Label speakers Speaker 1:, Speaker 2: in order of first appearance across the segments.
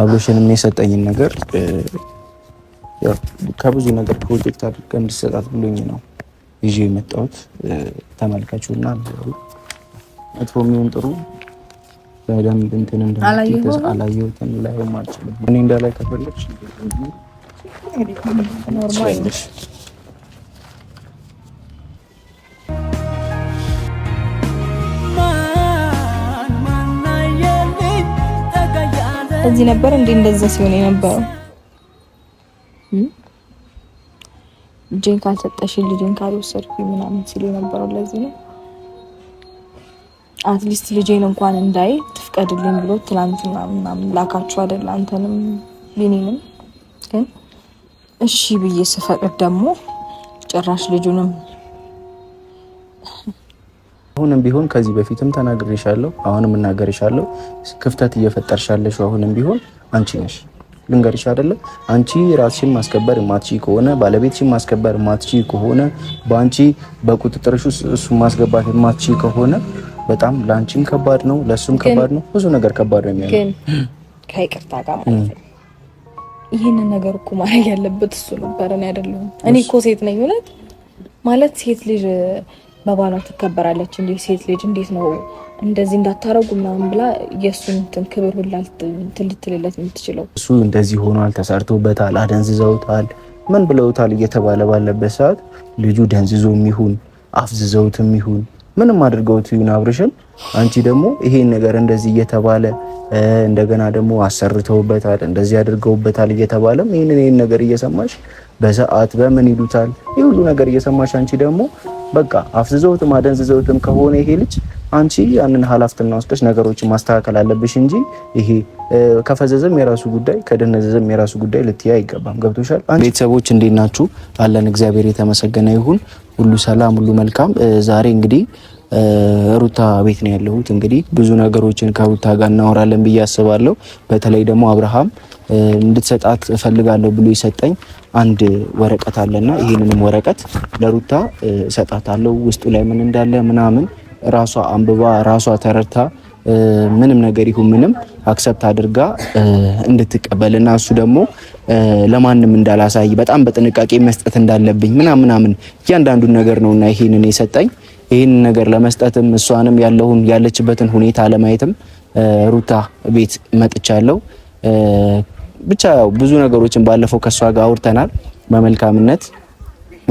Speaker 1: አብሎሽንም የሰጠኝን ነገር ከብዙ ነገር ፕሮጀክት አድርገ እንድሰጣት ብሎኝ ነው ይዤ የመጣሁት። ተመልካችሁና መጥፎ የሚሆን ጥሩ በደንብ እንትን
Speaker 2: እንዳላየሁትን
Speaker 1: ላይ አልችልም። እኔ እንዳላይ ከፈለች
Speaker 2: እዚህ ነበር እንዴ እንደዛ ሲሆን የነበረው? ልጄን ካልሰጠሽ ልጄን ካልወሰድኩ ምናምን ሲል የነበረው ለዚህ ነው። አትሊስት ልጄን እንኳን እንዳይ ትፍቀድልኝ ብሎ ትናንትና ምናምን ላካችሁ አይደል? አንተንም ቢኒንም ግን እሺ ብዬ ስፈቅድ ደግሞ ጭራሽ ልጁንም
Speaker 1: አሁንም ቢሆን ከዚህ በፊትም ተናግሬሻለሁ፣ አሁንም እናገርሻለሁ። ክፍተት እየፈጠርሻለሽ አሁንም ቢሆን አንቺ ነሽ። ልንገርሽ አይደለም አንቺ ራስሽን ማስከበር ማትቺ ከሆነ ባለቤትሽን ማስከበር ማትቺ ከሆነ በአንቺ በቁጥጥርሽ ውስጥ እሱ ማስገባት ማትቺ ከሆነ በጣም ለአንቺም ከባድ ነው፣ ለእሱም ከባድ ነው። ብዙ ነገር ከባድ ነው የሚሆነው። ግን
Speaker 2: ከይቅርታ ጋር ማለት ነው ይህንን ነገር እኮ ማድረግ ያለበት እሱ ነበር፣ እኔ አይደለሁም። እኔ እኮ ሴት ነኝ እውነት ማለት ሴት ልጅ በባሏ ትከበራለች እንዴ? ሴት ልጅ እንዴት ነው እንደዚህ እንዳታረጉ ምናምን ብላ የእሱን ክብር ሁላ ልትልለት የምትችለው
Speaker 1: እሱም እንደዚህ ሆኗል፣ ተሰርቶበታል፣ አደንዝዘውታል፣ ምን ብለውታል እየተባለ ባለበት ሰዓት ልጁ ደንዝዞ የሚሆን አፍዝዘውት የሚሆን ምንም አድርገውት ይሁን አብርሽን፣ አንቺ ደግሞ ይሄን ነገር እንደዚህ እየተባለ እንደገና ደግሞ አሰርተውበታል፣ እንደዚህ አድርገውበታል እየተባለም ይህንን ይህን ነገር እየሰማሽ በሰዓት በምን ይሉታል ይህ ሁሉ ነገር እየሰማሽ አንቺ ደግሞ በቃ አፍዝዘውትም አደንዝዘውትም ከሆነ ይሄ ልጅ አንቺ ያንን ኃላፊነት ወስደሽ ነገሮችን ማስተካከል አለብሽ እንጂ ይሄ ከፈዘዘም የራሱ ጉዳይ ከደነዘዘም የራሱ ጉዳይ ልትያ አይገባም። ገብቶሻል? ቤተሰቦች እንዴት ናችሁ? አለን። እግዚአብሔር የተመሰገነ ይሁን። ሁሉ ሰላም፣ ሁሉ መልካም። ዛሬ እንግዲህ ሩታ ቤት ነው ያለሁት። እንግዲህ ብዙ ነገሮችን ከሩታ ጋር እናወራለን ብዬ አስባለሁ። በተለይ ደግሞ አብርሃም እንድትሰጣት እፈልጋለሁ ብሎ የሰጠኝ አንድ ወረቀት አለና ይህንንም ወረቀት ለሩታ እሰጣታለሁ። ውስጡ ላይ ምን እንዳለ ምናምን ራሷ አንብባ ራሷ ተረድታ ምንም ነገር ይሁን ምንም አክሰፕት አድርጋ እንድትቀበል እና እሱ ደግሞ ለማንም እንዳላሳይ በጣም በጥንቃቄ መስጠት እንዳለብኝ ምናምን ምናምን እያንዳንዱን ነገር ነውና ይሄንን የሰጠኝ ይህን ነገር ለመስጠትም እሷንም ያለውን ያለችበትን ሁኔታ ለማየትም ሩታ ቤት መጥቻለሁ። ብቻ ያው ብዙ ነገሮችን ባለፈው ከእሷ ጋር አውርተናል በመልካምነት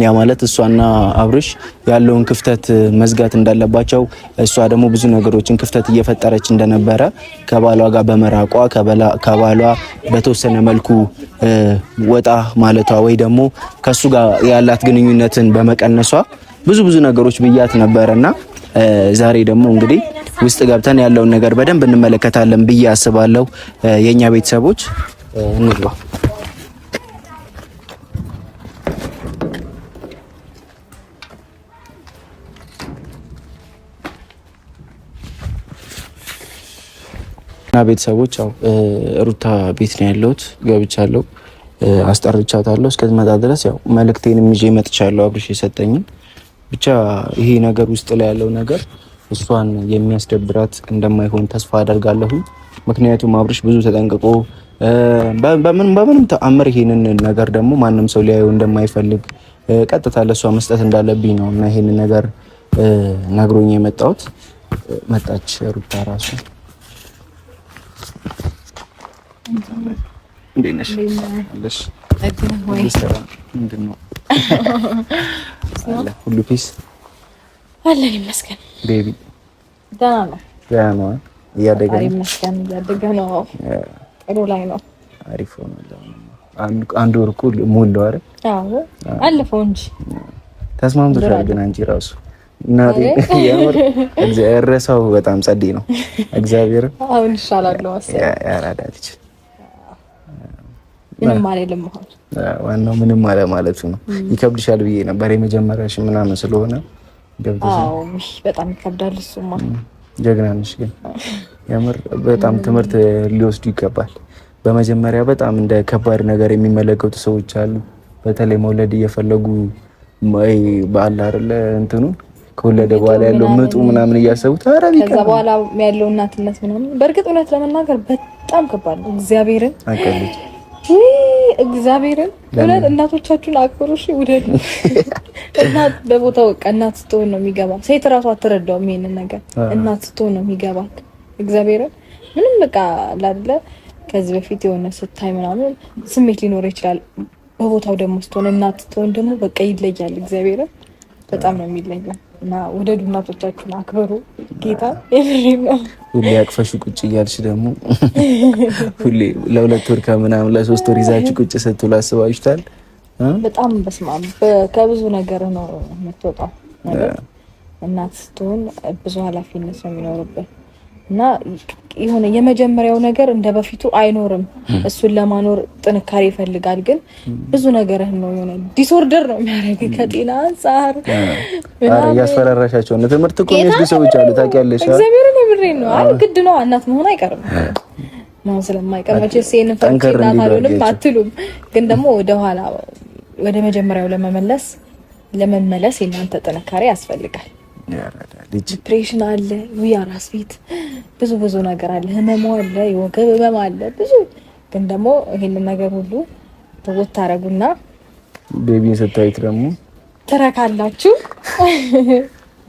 Speaker 1: ያ ማለት እሷና አብርሽ ያለውን ክፍተት መዝጋት እንዳለባቸው እሷ ደግሞ ብዙ ነገሮችን ክፍተት እየፈጠረች እንደነበረ ከባሏ ጋር በመራቋ ከባሏ በተወሰነ መልኩ ወጣ ማለቷ ወይ ደግሞ ከሱ ጋር ያላት ግንኙነትን በመቀነሷ ብዙ ብዙ ነገሮች ብያት ነበረና ዛሬ ደግሞ እንግዲህ ውስጥ ገብተን ያለውን ነገር በደንብ እንመለከታለን ብዬ አስባለሁ። የኛ ቤተሰቦች እንግባ። እና ቤተሰቦች ያው ሩታ ቤት ነው ያለሁት። ገብቻለሁ፣ አስጠርቻታለሁ። እስከዚህ መጣ ድረስ ያው መልእክቴን ይዤ መጥቻለሁ። አብርሽ የሰጠኝን ብቻ ይሄ ነገር ውስጥ ላይ ያለው ነገር እሷን የሚያስደብራት እንደማይሆን ተስፋ አደርጋለሁ። ምክንያቱም አብርሽ ብዙ ተጠንቅቆ በምንም ተአምር ይሄንን ነገር ደግሞ ማንም ሰው ሊያየው እንደማይፈልግ ቀጥታ ለእሷ መስጠት እንዳለብኝ ነው እና ይሄንን ነገር ነግሮኝ የመጣሁት። መጣች ሩታ ራሱ እንዴት ነሽ? ሁሉ ፒስ
Speaker 2: አለን ይመስገን። ቤቢ ደህና ነው?
Speaker 1: ደህና ነው። እያደገ ነው
Speaker 2: ይመስገን። እያደገ ነው። ጥሩ ላይ ነው። አሪፍ
Speaker 1: አንድ ወር እኮ ሞላው አይደል?
Speaker 2: አዎ አለፈው እንጂ
Speaker 1: ተስማምቶሻል። ግን አንቺ ራሱ እናቴ ረሳው። በጣም ጸዴ ነው እግዚአብሔር።
Speaker 2: አሁን ይሻላል ምንም አልልም።
Speaker 1: ዋናው ምንም አለ ማለቱ ነው። ይከብድሻል ብዬ ነበር የመጀመሪያሽ ምናምን ስለሆነ
Speaker 2: በጣም ይከብዳል። እሱማ
Speaker 1: ጀግና ነሽ፣ ግን የምር በጣም ትምህርት ሊወስዱ ይገባል። በመጀመሪያ በጣም እንደ ከባድ ነገር የሚመለከቱ ሰዎች አሉ። በተለይ መውለድ እየፈለጉ በአለ አይደለ እንትኑ ከወለደ በኋላ ያለው ምጡ ምናምን እያሰቡት ኧረ
Speaker 2: ከዛ በኋላ ያለው እናትነት ምናምን በእርግጥ እውነት ለመናገር በጣም ከባድ ነው። እግዚአብሔርን እግዚአብሔርን እውነት እናቶቻችሁን አክብሩ። እሺ ውደዱ። እናት በቦታው በቃ እናት ስትሆን ነው የሚገባ። ሴት እራሱ አትረዳውም ይሄንን ነገር። እናት ስትሆን ነው የሚገባት። እግዚአብሔርን ምንም በቃ ላለ ከዚህ በፊት የሆነ ስታይ ምናምን ስሜት ሊኖር ይችላል። በቦታው ደግሞ ስትሆን እናት ስትሆን ደግሞ በቃ ይለያል። እግዚአብሔርን በጣም ነው የሚለየው። እና ውደዱ፣ እናቶቻችሁን አክብሩ። ጌታ
Speaker 1: ሁሌ አቅፈሽ ቁጭ እያልሽ ደግሞ ሁሌ ለሁለት ወር ከምናምን ለሶስት ወር ይዛችሁ ቁጭ ስትሉ አስባችሁታል።
Speaker 2: በጣም በስማ ከብዙ ነገር ነው የምትወጣው። እናት ስትሆን ብዙ ኃላፊነት ነው የሚኖርበት እና የሆነ የመጀመሪያው ነገር እንደ በፊቱ አይኖርም። እሱን ለማኖር ጥንካሬ ይፈልጋል። ግን ብዙ ነገርህን ነው የሆነ ዲስኦርደር ነው የሚያደርግ ከጤና አንጻር
Speaker 1: እያስፈራራሻቸው ነው። ትምህርት እኮ የሚወስዱ ሰዎች አሉ ታውቂያለሽ።
Speaker 2: እግዚአብሔርን የምሬን ነው። አይ ግድ ነው እናት መሆን አይቀርም መሆን ስለማይቀር መቼስ ይሄንን ፈርቼ እናት አትሉም። ግን ደግሞ ወደኋላ ወደ መጀመሪያው ለመመለስ ለመመለስ የእናንተ ጥንካሬ ያስፈልጋል። ዲፕሬሽን አለ፣ ራስ ቤት ብዙ ብዙ ነገር አለ፣ ህመሙ አለ፣ የወገብ ህመም አለ። ብዙ ግን ደግሞ ይሄንን ነገር ሁሉ ተወት ታደርጉና
Speaker 1: ቤቢን ስታዩት ደግሞ
Speaker 2: ትረካላችሁ።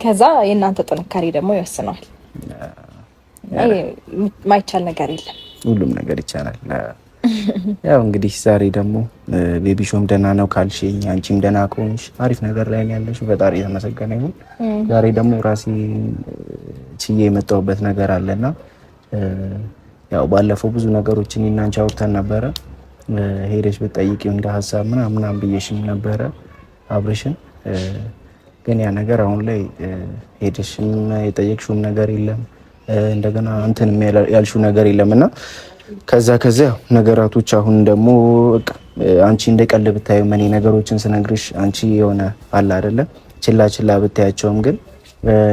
Speaker 2: ከዛ የእናንተ ጥንካሬ ደግሞ ይወስነዋል። ማይቻል ነገር የለም፣
Speaker 1: ሁሉም ነገር ይቻላል። ያው እንግዲህ ዛሬ ደግሞ ቤቢሾም ደህና ነው ካልሽኝ፣ አንቺም ደህና ከሆንሽ አሪፍ ነገር ላይ ነው ያለሽ። ፈጣሪ የተመሰገነ ይሁን። ዛሬ ደግሞ ራሴ ችዬ የመጣሁበት ነገር አለና ያው ባለፈው ብዙ ነገሮችን እኔና አንቺ አውርተን ነበረ። ሄደሽ ብትጠይቂው እንደ ሀሳብ ምናምን ምናምን ብዬሽም ነበረ አብርሽን ግን ያ ነገር አሁን ላይ ሄደሽም የጠየቅሽውም ነገር የለም እንደገና እንትን ያልሽው ነገር የለም እና ከዛ ከዛ ነገራቶች አሁን ደግሞ አንቺ እንደ ቀል ብታዩ መኔ ነገሮችን ስነግርሽ አንቺ የሆነ አለ አይደለም ችላ ችላ ብታያቸውም ግን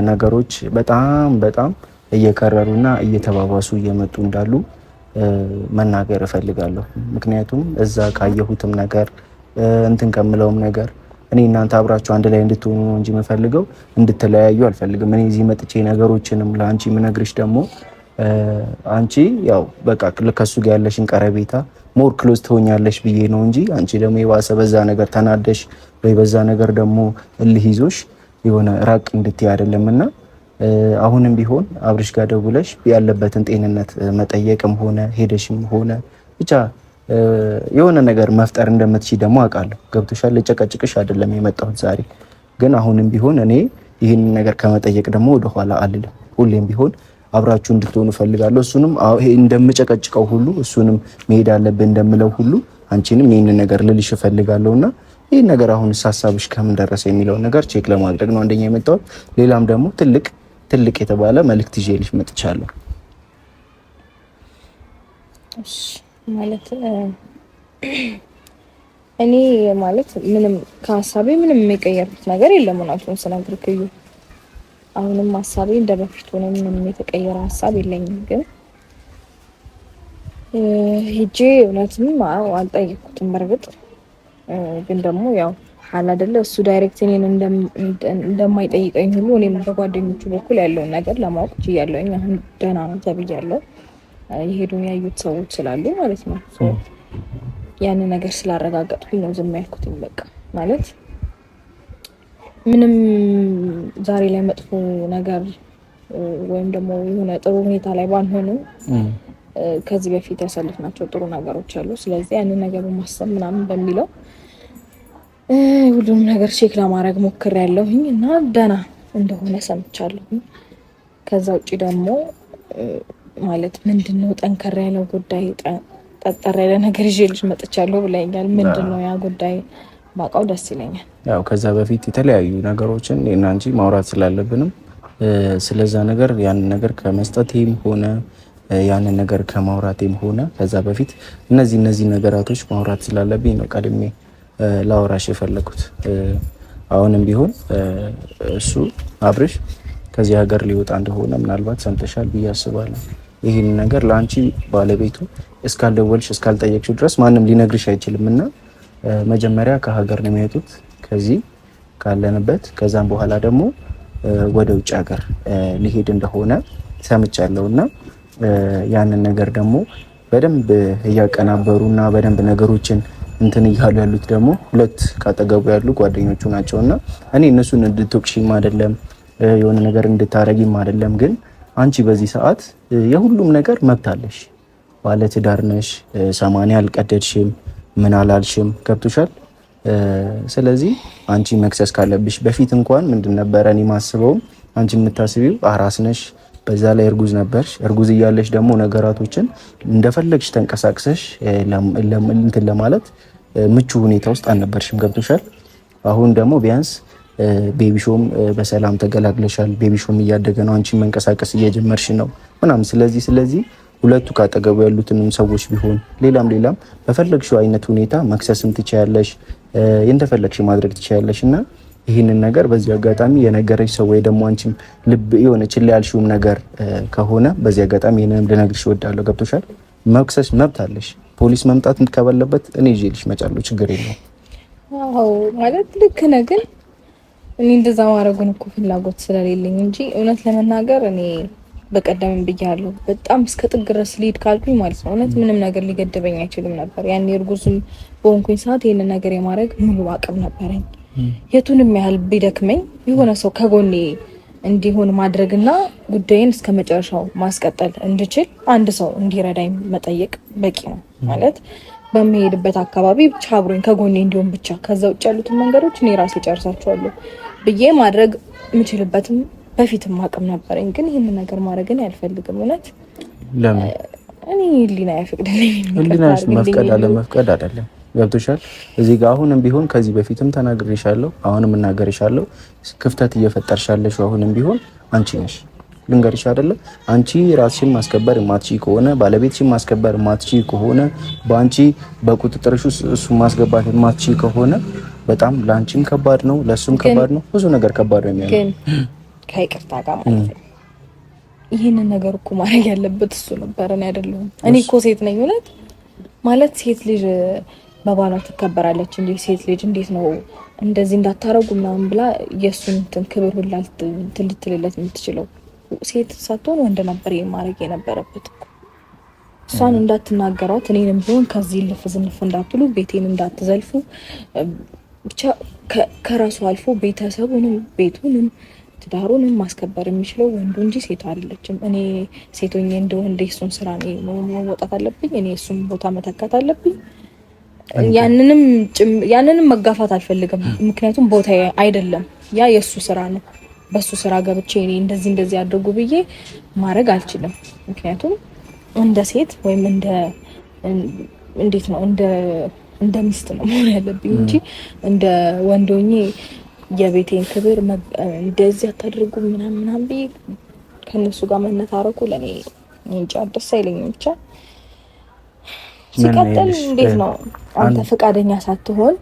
Speaker 1: ነገሮች በጣም በጣም እየከረሩና እየተባባሱ እየመጡ እንዳሉ መናገር እፈልጋለሁ። ምክንያቱም እዛ ካየሁትም ነገር እንትን ከምለውም ነገር እኔ እናንተ አብራችሁ አንድ ላይ እንድትሆኑ ነው እንጂ የምፈልገው እንድትለያዩ አልፈልግም። እኔ እዚህ መጥቼ ነገሮችንም ለአንቺ ምነግርሽ ደግሞ አንቺ ያው በቃ ከሱ ጋር ያለሽን ቀረቤታ ሞር ክሎዝ ትሆኛለሽ ብዬ ነው እንጂ አንቺ ደግሞ የባሰ በዛ ነገር ተናደሽ ወይ በዛ ነገር ደግሞ እልህ ይዞሽ የሆነ ራቅ እንድትይ አይደለም እና አሁንም ቢሆን አብርሽ ጋር ደውለሽ ያለበትን ጤንነት መጠየቅም ሆነ ሄደሽም ሆነ ብቻ የሆነ ነገር መፍጠር እንደምትችይ ደግሞ አውቃለሁ። ገብቶሻል። ልጨቀጭቅሽ አይደለም የመጣሁት ዛሬ። ግን አሁንም ቢሆን እኔ ይህንን ነገር ከመጠየቅ ደግሞ ወደኋላ አልልም። ሁሌም ቢሆን አብራችሁ እንድትሆኑ ፈልጋለሁ። እሱንም እንደምጨቀጭቀው ሁሉ እሱንም መሄድ አለብህ እንደምለው ሁሉ አንቺንም ይህን ነገር ልልሽ እፈልጋለሁ እና ይህን ነገር አሁን ሀሳብሽ ከምን ደረሰ የሚለውን ነገር ቼክ ለማድረግ ነው አንደኛ የመጣሁት። ሌላም ደግሞ ትልቅ ትልቅ የተባለ መልእክት ይዤልሽ መጥቻለሁ።
Speaker 2: ማለት እኔ ማለት ምንም ከሀሳቤ ምንም የሚቀየርኩት ነገር የለም። እውነቱን አሁንም ሀሳቤ እንደ በፊቱ ነው። ምንም የተቀየረ ሀሳብ የለኝም። ግን ሄጄ እውነትም አልጠየኩትም። በእርግጥ ግን ደግሞ ያው ሀል አደለ እሱ ዳይሬክት እኔን እንደማይጠይቀኝ ሁሉ እኔም በጓደኞቹ በኩል ያለውን ነገር ለማወቅ ችያለሁኝ። አሁን ደህና ነው ተብያለሁ። የሄዱን ያዩት ሰዎች ስላሉ ማለት ነው። ያንን ነገር ስላረጋገጥኩኝ ነው ዝም ያልኩትኝ። በቃ ማለት ምንም ዛሬ ላይ መጥፎ ነገር ወይም ደግሞ የሆነ ጥሩ ሁኔታ ላይ ባንሆንም ከዚህ በፊት ያሳለፍናቸው ጥሩ ነገሮች አሉ። ስለዚህ ያንን ነገር በማሰብ ምናምን በሚለው ሁሉም ነገር ቼክ ለማድረግ ሞክሬያለሁኝ እና ደህና እንደሆነ ሰምቻለሁ። ከዛ ውጭ ደግሞ ማለት ምንድን ነው ጠንከር ያለው ጉዳይ ጠጠር ያለ ነገር ይዤልሽ መጥቻለሁ ብለኛል። ምንድን ነው ያ ጉዳይ? ባውቀው ደስ ይለኛል።
Speaker 1: ያው ከዛ በፊት የተለያዩ ነገሮችን እኔና አንቺ ማውራት ስላለብንም ስለዛ ነገር ያንን ነገር ከመስጠቴም ሆነ ያንን ነገር ከማውራቴም ሆነ ከዛ በፊት እነዚህ እነዚህ ነገራቶች ማውራት ስላለብኝ ነው ቀድሜ ላውራሽ የፈለኩት። አሁንም ቢሆን እሱ አብርሽ ከዚህ ሀገር ሊወጣ እንደሆነ ምናልባት ሰምተሻል ብዬ አስባለሁ። ይህን ነገር ለአንቺ ባለቤቱ እስካልደወልሽ እስካልጠየቅሽው ድረስ ማንም ሊነግርሽ አይችልም እና መጀመሪያ ከሀገር ነው የሚወጡት ከዚህ ካለንበት። ከዛም በኋላ ደግሞ ወደ ውጭ ሀገር ሊሄድ እንደሆነ ሰምቻለሁ እና ያንን ነገር ደግሞ በደንብ እያቀናበሩ እና በደንብ ነገሮችን እንትን እያሉ ያሉት ደግሞ ሁለት ካጠገቡ ያሉ ጓደኞቹ ናቸው እና እኔ እነሱን እንድትወቅሽም አይደለም የሆነ ነገር እንድታረጊም አይደለም፣ ግን አንቺ በዚህ ሰዓት የሁሉም ነገር መብታለሽ፣ አለሽ። ባለትዳር ነሽ፣ ሰማንያ አልቀደድሽም ምን አላልሽም ገብቶሻል ስለዚህ አንቺ መክሰስ ካለብሽ በፊት እንኳን ምንድን ነበረ እኔ ማስበውም አንቺ የምታስቢው አራስ ነሽ በዛ ላይ እርጉዝ ነበርሽ እርጉዝ እያለሽ ደግሞ ነገራቶችን እንደፈለግሽ ተንቀሳቅሰሽ እንትን ለማለት ምቹ ሁኔታ ውስጥ አልነበርሽም ገብቶሻል አሁን ደግሞ ቢያንስ ቤቢሾም በሰላም ተገላግለሻል ቤቢሾም እያደገ ነው አንቺ መንቀሳቀስ እየጀመርሽ ነው ምናምን ስለዚህ ስለዚህ ሁለቱ ካጠገቡ ያሉትንም ሰዎች ቢሆን ሌላም ሌላም በፈለግሽው አይነት ሁኔታ መክሰስም ትችያለሽ፣ እንደፈለግሽ ማድረግ ትችያለሽ እና ይህንን ነገር በዚህ አጋጣሚ የነገረች ሰው ወይ ደግሞ አንቺም ልብ የሆነ ችላ ያልሽውም ነገር ከሆነ በዚህ አጋጣሚ ይህንንም ልነግርሽ እወዳለሁ። ገብቶሻል? መክሰስ መብት አለሽ። ፖሊስ መምጣት ከበለበት እኔ ይዤልሽ እመጣለሁ። ችግር የለውም።
Speaker 2: አዎ ማለት ልክ ነህ፣ ግን እኔ እንደዛ ማድረጉን እኮ ፍላጎት ስለሌለኝ እንጂ እውነት ለመናገር እኔ በቀደምም ብያለሁ። በጣም እስከ ጥግ ድረስ ሊሄድ ካልኩኝ ማለት ነው እውነት ምንም ነገር ሊገድበኝ አይችልም ነበር። ያኔ እርጉዝም በሆንኩኝ ሰዓት ይህን ነገር የማድረግ ሙሉ አቅም ነበረኝ። የቱንም ያህል ቢደክመኝ የሆነ ሰው ከጎኔ እንዲሆን ማድረግና ጉዳይን እስከ መጨረሻው ማስቀጠል እንድችል አንድ ሰው እንዲረዳኝ መጠየቅ በቂ ነው ማለት በሚሄድበት አካባቢ ብቻ አብሮኝ ከጎኔ እንዲሆን ብቻ ከዛ ውጭ ያሉትን መንገዶች እኔ ራሴ ጨርሳቸዋለሁ ብዬ ማድረግ የምችልበትም በፊትም አቅም ነበረኝ፣ ግን ይህን ነገር ማድረግን አልፈልግም። እውነት ለምን እኔ ህሊና አይፈቅድልኝ።
Speaker 1: ህሊናሽ መፍቀድ አለ መፍቀድ አይደለም። ገብቶሻል። እዚህ ጋር አሁንም ቢሆን ከዚህ በፊትም ተናግሬሻለሁ፣ አሁንም እናገርሻለሁ። ክፍተት እየፈጠርሻለሽ አሁንም ቢሆን አንቺ ነሽ። ልንገርሽ አይደለ አንቺ ራስሽን ማስከበር ማትቺ ከሆነ ባለቤትሽን ማስከበር ማትቺ ከሆነ በአንቺ በቁጥጥርሽ ውስጥ እሱ ማስገባት ማትቺ ከሆነ በጣም ለአንቺም ከባድ ነው፣ ለእሱም ከባድ ነው። ብዙ ነገር ከባድ ነው የሚሆነው
Speaker 2: ከይቅርታ ጋር ማለት ነው። ይህንን ነገር እኮ ማድረግ ያለበት እሱ ነበር፣ እኔ አይደለሁም። እኔ እኮ ሴት ነኝ እውነት ማለት ሴት ልጅ በባሏ ትከበራለች እንጂ ሴት ልጅ እንዴት ነው እንደዚህ እንዳታረጉ ምናምን ብላ የእሱን እንትን ክብር ሁላ ልትልለት የምትችለው ሴት ሳትሆን ወንድ ነበር ማድረግ የነበረበት። እሷን እንዳትናገሯት፣ እኔንም ቢሆን ከዚህ ልፍ ዝንፍ እንዳትሉ፣ ቤቴን እንዳትዘልፉ ብቻ ከራሱ አልፎ ቤተሰቡንም ቤቱንም ትዳሩንም ማስከበር የሚችለው ወንዱ እንጂ ሴቷ አይደለችም። እኔ ሴቶኝ እንደ ወንድ እሱን ስራ መወጣት አለብኝ፣ እኔ እሱም ቦታ መተካት አለብኝ። ያንንም ያንንም መጋፋት አልፈልግም፣ ምክንያቱም ቦታ አይደለም፣ ያ የእሱ ስራ ነው። በእሱ ስራ ገብቼ እኔ እንደዚህ እንደዚህ አድርጉ ብዬ ማድረግ አልችልም። ምክንያቱም እንደ ሴት ወይም እንደ እንዴት ነው እንደ እንደ ሚስት ነው መሆን ያለብኝ እንጂ እንደ ወንዶኜ የቤቴን ክብር እንደዚህ አታድርጉ ምናምን ምናምን ብዬ ከእነሱ ጋር መነታረኩ ለእኔ እንጃ ደስ አይለኝም። ብቻ ሲቀጥል እንዴት ነው አንተ ፈቃደኛ ሳትሆን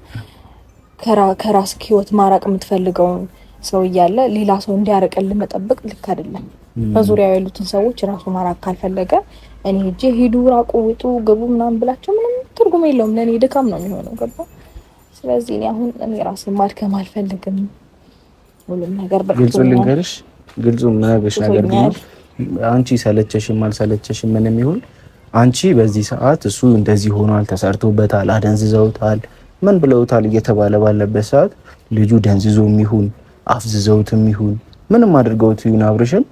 Speaker 2: ከራስ ህይወት ማራቅ የምትፈልገውን ሰው እያለ ሌላ ሰው እንዲያርቅልን መጠበቅ ልክ አይደለም። በዙሪያው ያሉትን ሰዎች ራሱ ማራቅ ካልፈለገ እኔ ሄጄ ሂዱ፣ ራቁ፣ ውጡ፣ ግቡ ምናምን ብላቸው ምንም ትርጉም የለውም። ለእኔ ድካም ነው የሚሆነው። ገባ ስለዚህ እኔ አሁን እኔ ራሴ ማድከም አልፈልግም። ሁሉም ነገር
Speaker 1: ግልጹ ልንገርሽ፣ ግልጹ ምናገሽ ነገር ቢኖር አንቺ ሰለቸሽም አልሰለቸሽም ምንም ይሁን አንቺ በዚህ ሰዓት እሱ እንደዚህ ሆኗል፣ ተሰርቶበታል፣ አደንዝዘውታል፣ ምን ብለውታል እየተባለ ባለበት ሰዓት ልጁ ደንዝዞ ይሁን አፍዝዘውትም ይሁን ምንም አድርገውት ይሁን አብርሽን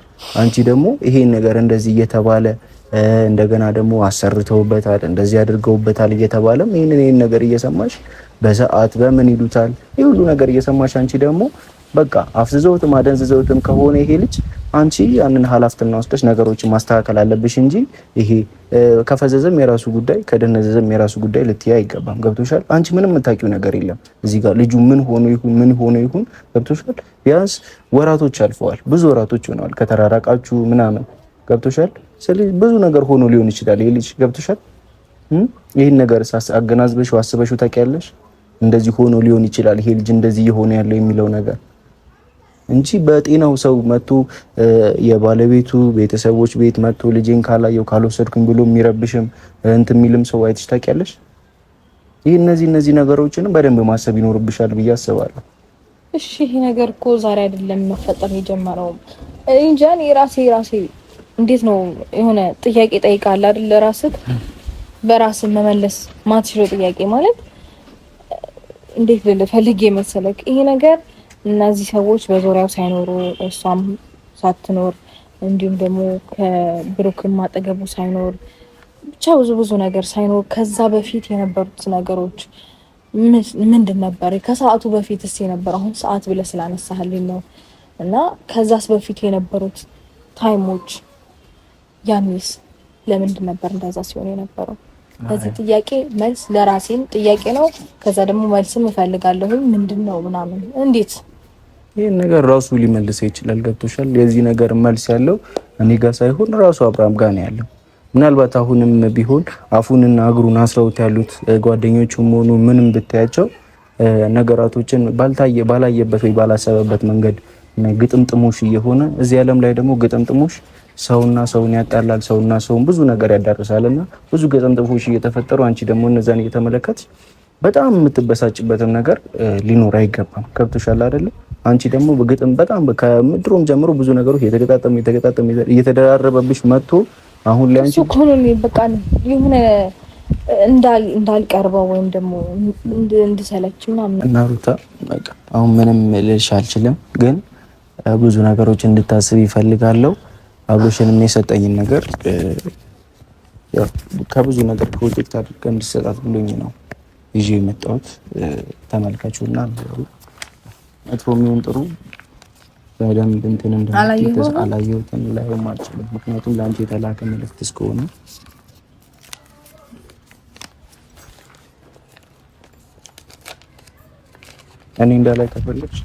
Speaker 1: አንቺ ደግሞ ይሄን ነገር እንደዚህ እየተባለ እንደገና ደግሞ አሰርተውበታል፣ እንደዚህ አድርገውበታል እየተባለም ይህንን ይህን ነገር እየሰማሽ በሰዓት በምን ይሉታል ይህ ሁሉ ነገር እየሰማሽ አንቺ ደግሞ በቃ አፍዝዘውትም አደንዝዘውትም ከሆነ ይሄ ልጅ አንቺ ያንን ኃላፊነትና ወስደሽ ነገሮችን ማስተካከል አለብሽ እንጂ ይሄ ከፈዘዘም የራሱ ጉዳይ ከደነዘዘም የራሱ ጉዳይ ልትያ አይገባም። ገብቶሻል? አንቺ ምንም የምታውቂው ነገር የለም እዚህ ጋር ልጁ ምን ሆኖ ይሁን ምን ሆኖ ይሁን ገብቶሻል? ቢያንስ ወራቶች አልፈዋል፣ ብዙ ወራቶች ሆነዋል ከተራራቃችሁ ምናምን ገብቶሻል? ስለዚህ ብዙ ነገር ሆኖ ሊሆን ይችላል። ይሄ ልጅ ገብቶሻል። ይህን ነገር አገናዝበሽው አስበሽው ታውቂያለሽ። እንደዚህ ሆኖ ሊሆን ይችላል ይሄ ልጅ እንደዚህ እየሆነ ያለው የሚለው ነገር እንጂ በጤናው ሰው መጥቶ የባለቤቱ ቤተሰቦች ቤት መጥቶ ልጄን ካላየው ካልወሰድኩኝ ብሎ የሚረብሽም እንትን የሚልም ሰው አይተሽ ታውቂያለሽ። ይህ እነዚህ እነዚህ ነገሮችንም በደንብ ማሰብ ይኖርብሻል ብዬ አስባለሁ።
Speaker 2: እሺ ይሄ ነገር እኮ ዛሬ አይደለም መፈጠር የጀመረውም እንጃን የራሴ ራሴ እንዴት ነው የሆነ ጥያቄ ጠይቃለ አይደል? ራስህ በራስህ መመለስ ማትችለው ጥያቄ ማለት እንዴት ልልህ ፈልጌ ይሄ ነገር እነዚህ ሰዎች በዙሪያው ሳይኖሩ እሷም ሳትኖር እንዲሁም ደግሞ ከብሩክም አጠገቡ ሳይኖር ብቻ ብዙ ብዙ ነገር ሳይኖር ከዛ በፊት የነበሩት ነገሮች ምንድን ነበር? ከሰዓቱ በፊትስ የነበር አሁን ሰዓት ብለህ ስላነሳህልኝ ነው እና ከዛስ በፊት የነበሩት ታይሞች ያኔስ ለምንድን ነበር እንደዛ ሲሆን የነበረው? ለዚህ ጥያቄ መልስ ለራሴም ጥያቄ ነው። ከዛ ደግሞ መልስም እፈልጋለሁ። ምንድን ነው ምናምን እንዴት
Speaker 1: ይህን ነገር ራሱ ሊመልስ ይችላል። ገብቶሻል? የዚህ ነገር መልስ ያለው እኔ ጋር ሳይሆን ራሱ አብርሃም ጋር ነው ያለው። ምናልባት አሁንም ቢሆን አፉንና እግሩን አስረውት ያሉት ጓደኞቹም መሆኑ ምንም ብታያቸው ነገራቶችን ባልታየ ባላየበት ወይ ባላሰበበት መንገድ ግጥምጥሞሽ እየሆነ እዚህ ዓለም ላይ ደግሞ ግጥምጥሞሽ ሰውና ሰውን ያጣላል፣ ሰውና ሰውን ብዙ ነገር ያዳርሳል እና ብዙ ገጠም ጥፎች እየተፈጠሩ አንቺ ደግሞ እነዛን እየተመለከት በጣም የምትበሳጭበትም ነገር ሊኖር አይገባም። ከብቶሻል አይደለ? አንቺ ደግሞ በግጥም በጣም ከምድሮም ጀምሮ ብዙ ነገሮች የተገጣጠመ የተገጣጠመ እየተደራረበብሽ መጥቶ አሁን ላይ አንቺ
Speaker 2: እኮ ነው በቃ የሆነ እንዳልቀርበው ወይም ደግሞ እንድሰለችው ምናምን
Speaker 1: እና ሩታ በቃ አሁን ምንም ልልሽ አልችልም፣ ግን ብዙ ነገሮች እንድታስብ ይፈልጋለሁ። አብሮሽንም የሰጠኝን ነገር ከብዙ ነገር ፕሮጀክት አድርገ እንድሰጣት ብሎኝ ነው ይዤ የመጣሁት። ተመልካችሁና መጥፎ የሚሆን ጥሩ በደንብ እንትን አላየሁትም፣ ላይሆን አልችልም። ምክንያቱም ለአንቺ የተላከ መልዕክት እስከሆነ እኔ እንዳላይ ከፈለግሽ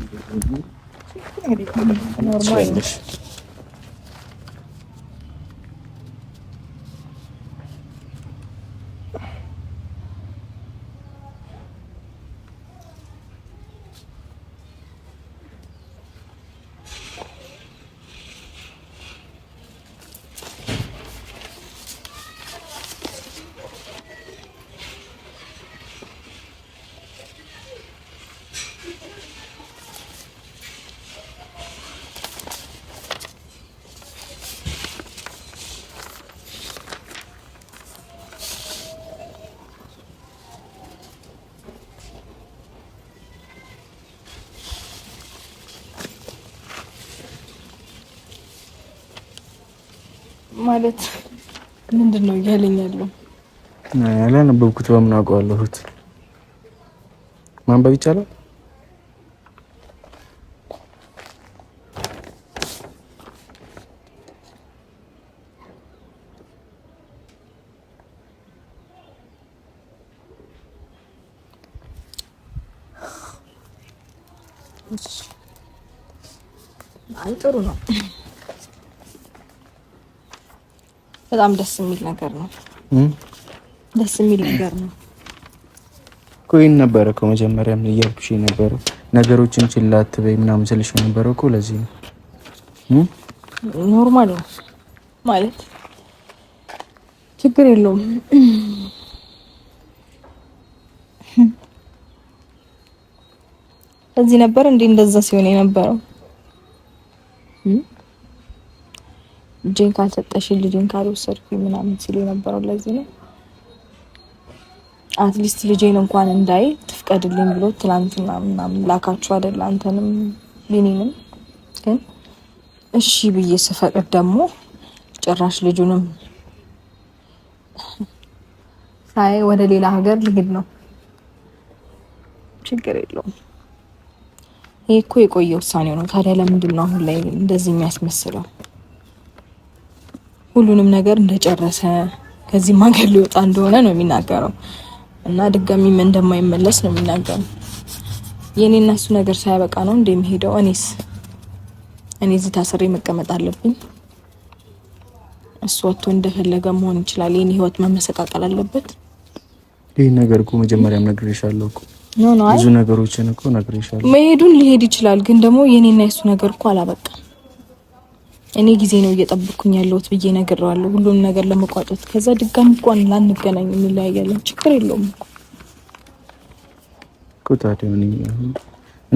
Speaker 2: ማለት ምንድን ነው እያለኝ ያለው?
Speaker 1: ያላነበብኩት በምን አውቀዋለሁት? ማንበብ ይቻላል።
Speaker 2: በጣም ደስ የሚል ነገር ነው። ደስ የሚል ነገር ነው።
Speaker 1: ኮይን ነበረ እኮ መጀመሪያም እያልኩሽ ነበረ ነገሮችን ችላ አትበይ ምናምን ስልሽ የነበረው እኮ ለዚህ
Speaker 2: ነው። ኖርማል ነው ማለት ችግር የለውም። እዚህ ነበር እንዴ እንደዛ ሲሆን የነበረው እጄን ካልሰጠሽ ልጄን ካልወሰድኩ ምናምን ሲሉ የነበረው ለዚህ ነው። አትሊስት ልጄን እንኳን እንዳይ ትፍቀድልኝ ብሎ ትላንትና ምናምን ላካችሁ አይደል? አንተንም ቢኒንም ግን እሺ ብዬ ስፈቅድ ደግሞ ጭራሽ ልጁንም ሳይ ወደ ሌላ ሀገር ልሂድ ነው። ችግር የለውም። ይህ እኮ የቆየ ውሳኔ ነው። ታዲያ ለምንድን ነው አሁን ላይ እንደዚህ የሚያስመስለው? ሁሉንም ነገር እንደጨረሰ ከዚህ ማገር ሊወጣ እንደሆነ ነው የሚናገረው እና ድጋሚም እንደማይመለስ ነው የሚናገረው። የኔ እና እሱ ነገር ሳያበቃ ነው እንደ የሚሄደው። እኔስ እኔ እዚህ ታስሬ መቀመጥ አለብኝ? እሱ ወጥቶ እንደፈለገ መሆን ይችላል። የኔ ህይወት መመሰቃቀል አለበት?
Speaker 1: ይህ ነገር እኮ መጀመሪያም ነግሬሻለሁ እኮ ብዙ ነገሮችን እኮ ነግሬሻለሁ። መሄዱን ሊሄድ ይችላል፣
Speaker 2: ግን ደግሞ የእኔና የሱ ነገር እኮ አላበቃም። እኔ ጊዜ ነው እየጠበኩኝ ያለሁት ብዬ ነግሬዋለሁ፣ ሁሉም ነገር ለመቋጨት። ከዛ ድጋሚ እንኳን ላንገናኝ እንለያያለን፣ ችግር የለውም እኮ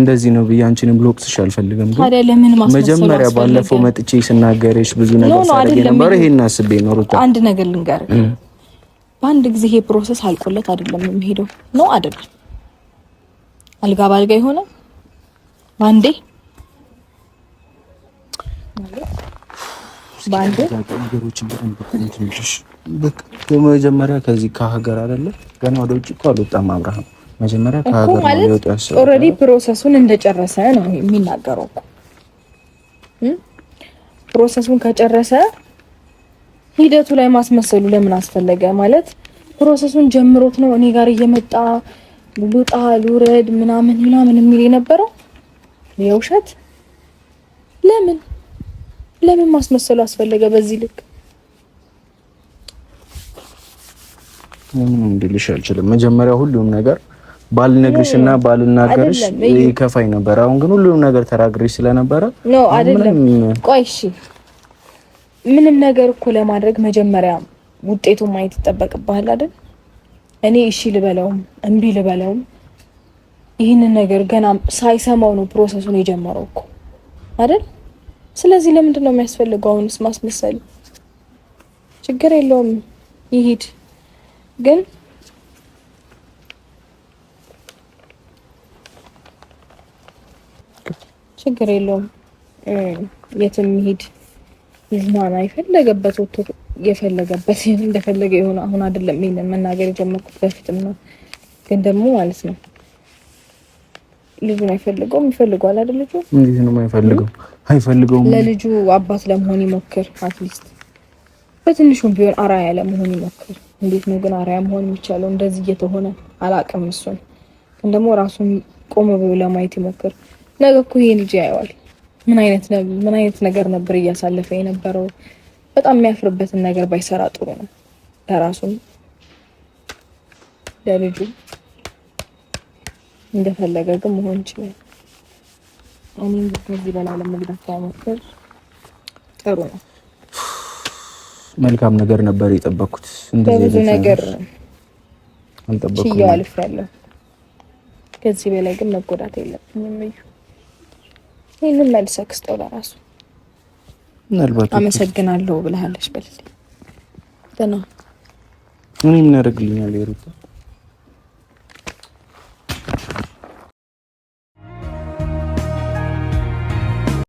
Speaker 1: እንደዚህ ነው ብዬ አንቺንም ልወቅስሽ አልፈልግም።
Speaker 2: ግን
Speaker 1: መጀመሪያ ባለፈው መጥቼ ስናገርሽ ብዙ ነገር ሳደርግ ነበር። ይሄን አስቤ ነው።
Speaker 2: ሩታ አንድ ነገር ልንገርህ፣ በአንድ ጊዜ ይሄ ፕሮሰስ አልቆለት አይደለም የሚሄደው ነው አይደለም፣ አልጋ ባልጋ የሆነ ባንዴ ነገሮችን
Speaker 1: በመጀመሪያ ከዚህ ከሀገር አይደለ ገና ወደ ውጭ እኮ አልወጣም አብርሃም። መጀመሪያ
Speaker 2: ከሀገር ኦልሬዲ ፕሮሰሱን እንደጨረሰ ነው የሚናገረው። ፕሮሰሱን ከጨረሰ ሂደቱ ላይ ማስመሰሉ ለምን አስፈለገ? ማለት ፕሮሰሱን ጀምሮት ነው እኔ ጋር እየመጣ ልውጣ ልውረድ ምናምን ምናምን የሚል የነበረው የውሸት ለምን ለምን ማስመሰሉ አስፈለገ በዚህ ልክ?
Speaker 1: ምንም ልልሽ አልችልም። መጀመሪያ ሁሉም ነገር ባልነግርሽ እና ባልናገርሽ ይከፋኝ ነበር። አሁን ግን ሁሉም ነገር ተናግሬሽ ስለነበረ
Speaker 2: ነው አይደለም? ቆይ እሺ፣ ምንም ነገር እኮ ለማድረግ መጀመሪያ ውጤቱን ማየት ይጠበቅብሃል አይደል? እኔ እሺ ልበለውም እምቢ ልበለውም ይህንን ነገር ገና ሳይሰማው ነው ፕሮሰሱን የጀመረው እኮ አይደል? ስለዚህ ለምንድን ነው የሚያስፈልገው? አሁንስ ማስመሰል ችግር የለውም ይሂድ። ግን ችግር የለውም የትም ይሂድ፣ ይዝናና፣ የፈለገበት ወጥቶ የፈለገበት እንደፈለገ የሆነ አሁን አይደለም ይሄንን መናገር የጀመርኩት በፊትም ነው ግን ደግሞ ማለት ነው ልጁን አይፈልገውም። ይፈልገዋል አይደል? ልጁ
Speaker 1: እንዴት አይፈልገው? አይፈልገውም።
Speaker 2: ለልጁ አባት ለመሆን ይሞክር። አትሊስት በትንሹም ቢሆን አራያ ለመሆን ይሞክር። እንዴት ነው ግን አራያ መሆን የሚቻለው? እንደዚህ እየተሆነ አላቅም። እሱን ግን ደግሞ ራሱን ቆም ብሎ ለማየት ይሞክር። ነገ እኮ ይሄ ልጅ ያየዋል። ምን አይነት ምን አይነት ነገር ነበር እያሳለፈ የነበረው። በጣም የሚያፍርበትን ነገር ባይሰራ ጥሩ ነው፣ ለራሱም ለልጁ እንደፈለገ ግን መሆን ይችላል። እኔም ከዚህ በላይ ለመግባት ባይሞክር ጥሩ ነው።
Speaker 1: መልካም ነገር ነበር የጠበኩት።
Speaker 2: በብዙ ነገር ችዬው አልፌያለሁ። ከዚህ በላይ ግን መጎዳት የለብኝም። እዩ ይህንን መልሰህ ክስጠው ለራሱ ምናልባት አመሰግናለሁ ብለሃለች በልልኝ። ደህና
Speaker 1: ምን ያደርግልኛል የሩታ